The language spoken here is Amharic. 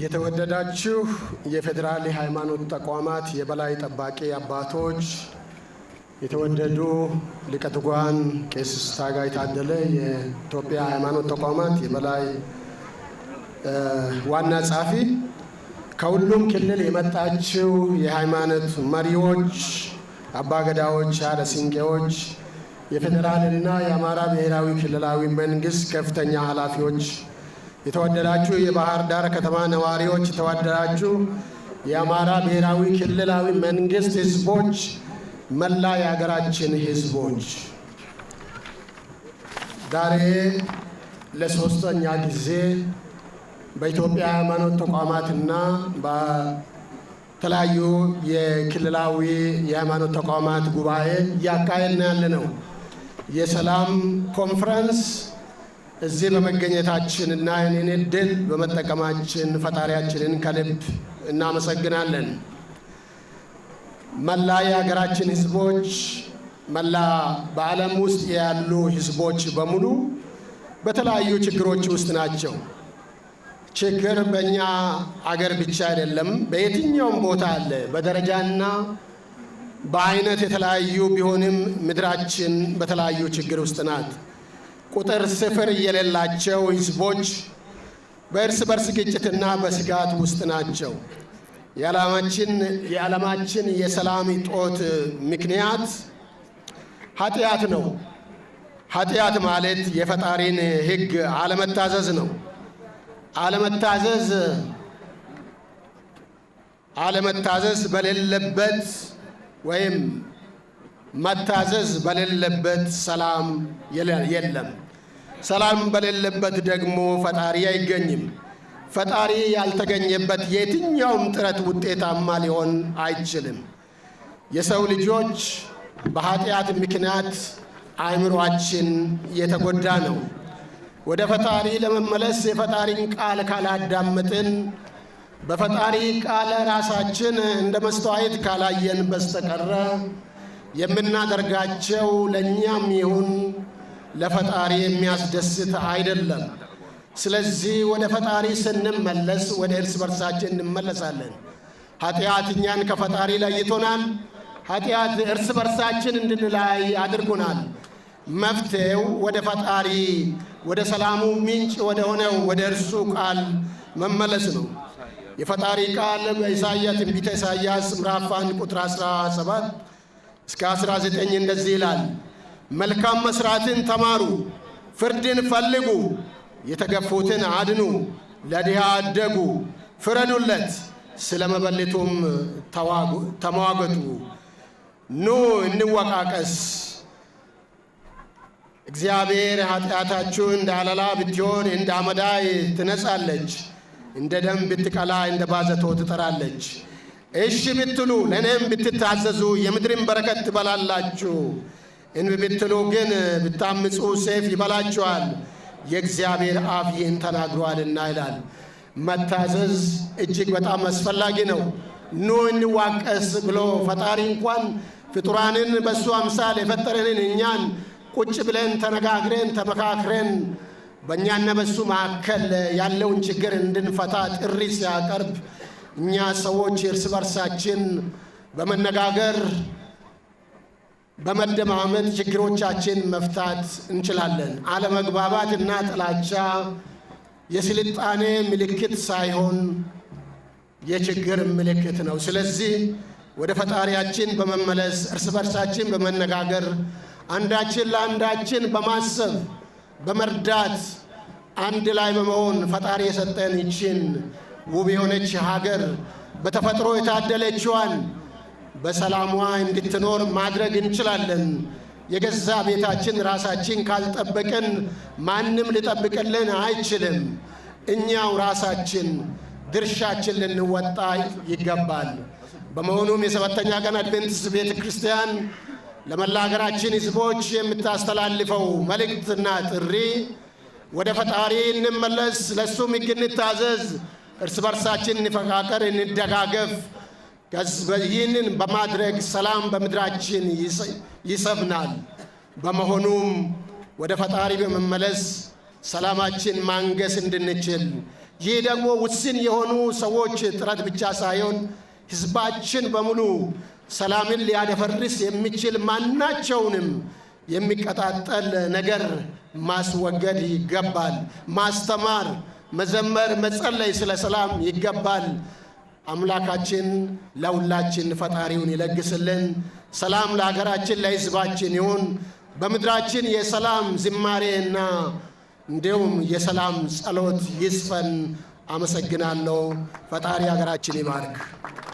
የተወደዳችሁ የፌዴራል የሃይማኖት ተቋማት የበላይ ጠባቂ አባቶች፣ የተወደዱ ሊቀ ትጉሃን ቄስ ታጋይ የታደለ የኢትዮጵያ ሃይማኖት ተቋማት የበላይ ዋና ጸሐፊ፣ ከሁሉም ክልል የመጣችው የሃይማኖት መሪዎች፣ አባገዳዎች፣ አደ ሲንቄዎች፣ የፌዴራልና የአማራ ብሔራዊ ክልላዊ መንግስት ከፍተኛ ኃላፊዎች የተወደዳችሁ የባህር ዳር ከተማ ነዋሪዎች፣ የተወደዳችሁ የአማራ ብሔራዊ ክልላዊ መንግስት ህዝቦች፣ መላ የሀገራችን ህዝቦች ዛሬ ለሶስተኛ ጊዜ በኢትዮጵያ ሃይማኖት ተቋማትና በተለያዩ የክልላዊ የሃይማኖት ተቋማት ጉባኤ እያካሄድን ያለ ነው የሰላም ኮንፈረንስ እዚህ በመገኘታችንና ይህንን ዕድል በመጠቀማችን ፈጣሪያችንን ከልብ እናመሰግናለን። መላ የሀገራችን ህዝቦች መላ በዓለም ውስጥ ያሉ ህዝቦች በሙሉ በተለያዩ ችግሮች ውስጥ ናቸው። ችግር በእኛ አገር ብቻ አይደለም፣ በየትኛውም ቦታ አለ። በደረጃና በአይነት የተለያዩ ቢሆንም ምድራችን በተለያዩ ችግር ውስጥ ናት። ቁጥር ስፍር የሌላቸው ህዝቦች በእርስ በርስ ግጭትና በስጋት ውስጥ ናቸው። የዓለማችን የሰላም እጦት ምክንያት ኃጢአት ነው። ኃጢአት ማለት የፈጣሪን ሕግ አለመታዘዝ ነው። አለመታዘዝ አለመታዘዝ በሌለበት ወይም መታዘዝ በሌለበት ሰላም የለም። ሰላም በሌለበት ደግሞ ፈጣሪ አይገኝም። ፈጣሪ ያልተገኘበት የትኛውም ጥረት ውጤታማ ሊሆን አይችልም። የሰው ልጆች በኃጢአት ምክንያት አእምሯችን የተጎዳ ነው። ወደ ፈጣሪ ለመመለስ የፈጣሪን ቃል ካላዳመጥን፣ በፈጣሪ ቃል ራሳችን እንደ መስተዋየት ካላየን በስተቀረ የምናደርጋቸው ለእኛም ይሁን ለፈጣሪ የሚያስደስት አይደለም። ስለዚህ ወደ ፈጣሪ ስንመለስ ወደ እርስ በርሳችን እንመለሳለን። ኃጢአት እኛን ከፈጣሪ ለይቶናል። ኃጢአት እርስ በርሳችን እንድንላይ አድርጎናል። መፍትሄው ወደ ፈጣሪ ወደ ሰላሙ ምንጭ ወደ ሆነው ወደ እርሱ ቃል መመለስ ነው። የፈጣሪ ቃል በኢሳያ ትንቢተ ኢሳያስ ምዕራፍ 1 ቁጥር 17 እስከ 19 እንደዚህ ይላል። መልካም መስራትን ተማሩ፣ ፍርድን ፈልጉ፣ የተገፉትን አድኑ፣ ለድሃ አደጉ፣ ፍረዱለት፣ ስለ መበለቱም ተሟገቱ። ኑ እንወቃቀስ። እግዚአብሔር ኃጢአታችሁ እንደ አለላ ብትሆን እንደ አመዳይ ትነጻለች፣ እንደ ደም ብትቀላ እንደ ባዘቶ ትጠራለች። እሺ ብትሉ ለእኔም ብትታዘዙ የምድርን በረከት ትበላላችሁ። እንቢ ብትሉ ግን ብታምፁ ሰይፍ ይበላችኋል፣ የእግዚአብሔር አፍ ይህን ተናግሯልና ይላል። መታዘዝ እጅግ በጣም አስፈላጊ ነው። ኑ እንዋቀስ ብሎ ፈጣሪ እንኳን ፍጡራንን በእሱ አምሳል የፈጠረንን እኛን ቁጭ ብለን ተነጋግረን ተመካክረን በእኛና በእሱ መካከል ያለውን ችግር እንድንፈታ ጥሪ ሲያቀርብ እኛ ሰዎች እርስ በርሳችን በመነጋገር በመደማመጥ ችግሮቻችን መፍታት እንችላለን። አለመግባባት እና ጥላቻ የስልጣኔ ምልክት ሳይሆን የችግር ምልክት ነው። ስለዚህ ወደ ፈጣሪያችን በመመለስ እርስ በርሳችን በመነጋገር አንዳችን ለአንዳችን በማሰብ በመርዳት አንድ ላይ በመሆን ፈጣሪ የሰጠን ይችን ውብ የሆነች ሀገር በተፈጥሮ የታደለችዋን በሰላሟ እንድትኖር ማድረግ እንችላለን። የገዛ ቤታችን ራሳችን ካልጠበቅን ማንም ሊጠብቅልን አይችልም። እኛው ራሳችን ድርሻችን ልንወጣ ይገባል። በመሆኑም የሰባተኛ ቀን አድቬንትስ ቤተ ክርስቲያን ለመላ ሀገራችን ሕዝቦች የምታስተላልፈው መልእክትና ጥሪ ወደ ፈጣሪ እንመለስ፣ ለእሱም ሕግ እንታዘዝ እርስ በርሳችን እንፈቃቀር፣ እንደጋገፍ። ይህንን በማድረግ ሰላም በምድራችን ይሰፍናል። በመሆኑም ወደ ፈጣሪ በመመለስ ሰላማችን ማንገስ እንድንችል ይህ ደግሞ ውስን የሆኑ ሰዎች ጥረት ብቻ ሳይሆን ሕዝባችን በሙሉ ሰላምን ሊያደፈርስ የሚችል ማናቸውንም የሚቀጣጠል ነገር ማስወገድ ይገባል። ማስተማር መዘመር፣ መጸለይ ስለ ሰላም ይገባል። አምላካችን ለሁላችን ፈጣሪውን ይለግስልን። ሰላም ለሀገራችን ለሕዝባችን ይሁን። በምድራችን የሰላም ዝማሬና እንዲሁም የሰላም ጸሎት ይስፈን። አመሰግናለሁ። ፈጣሪ ሀገራችን ይባርክ።